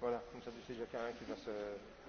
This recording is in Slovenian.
voilà comme ça tu sais il y a quelqu'un qui va se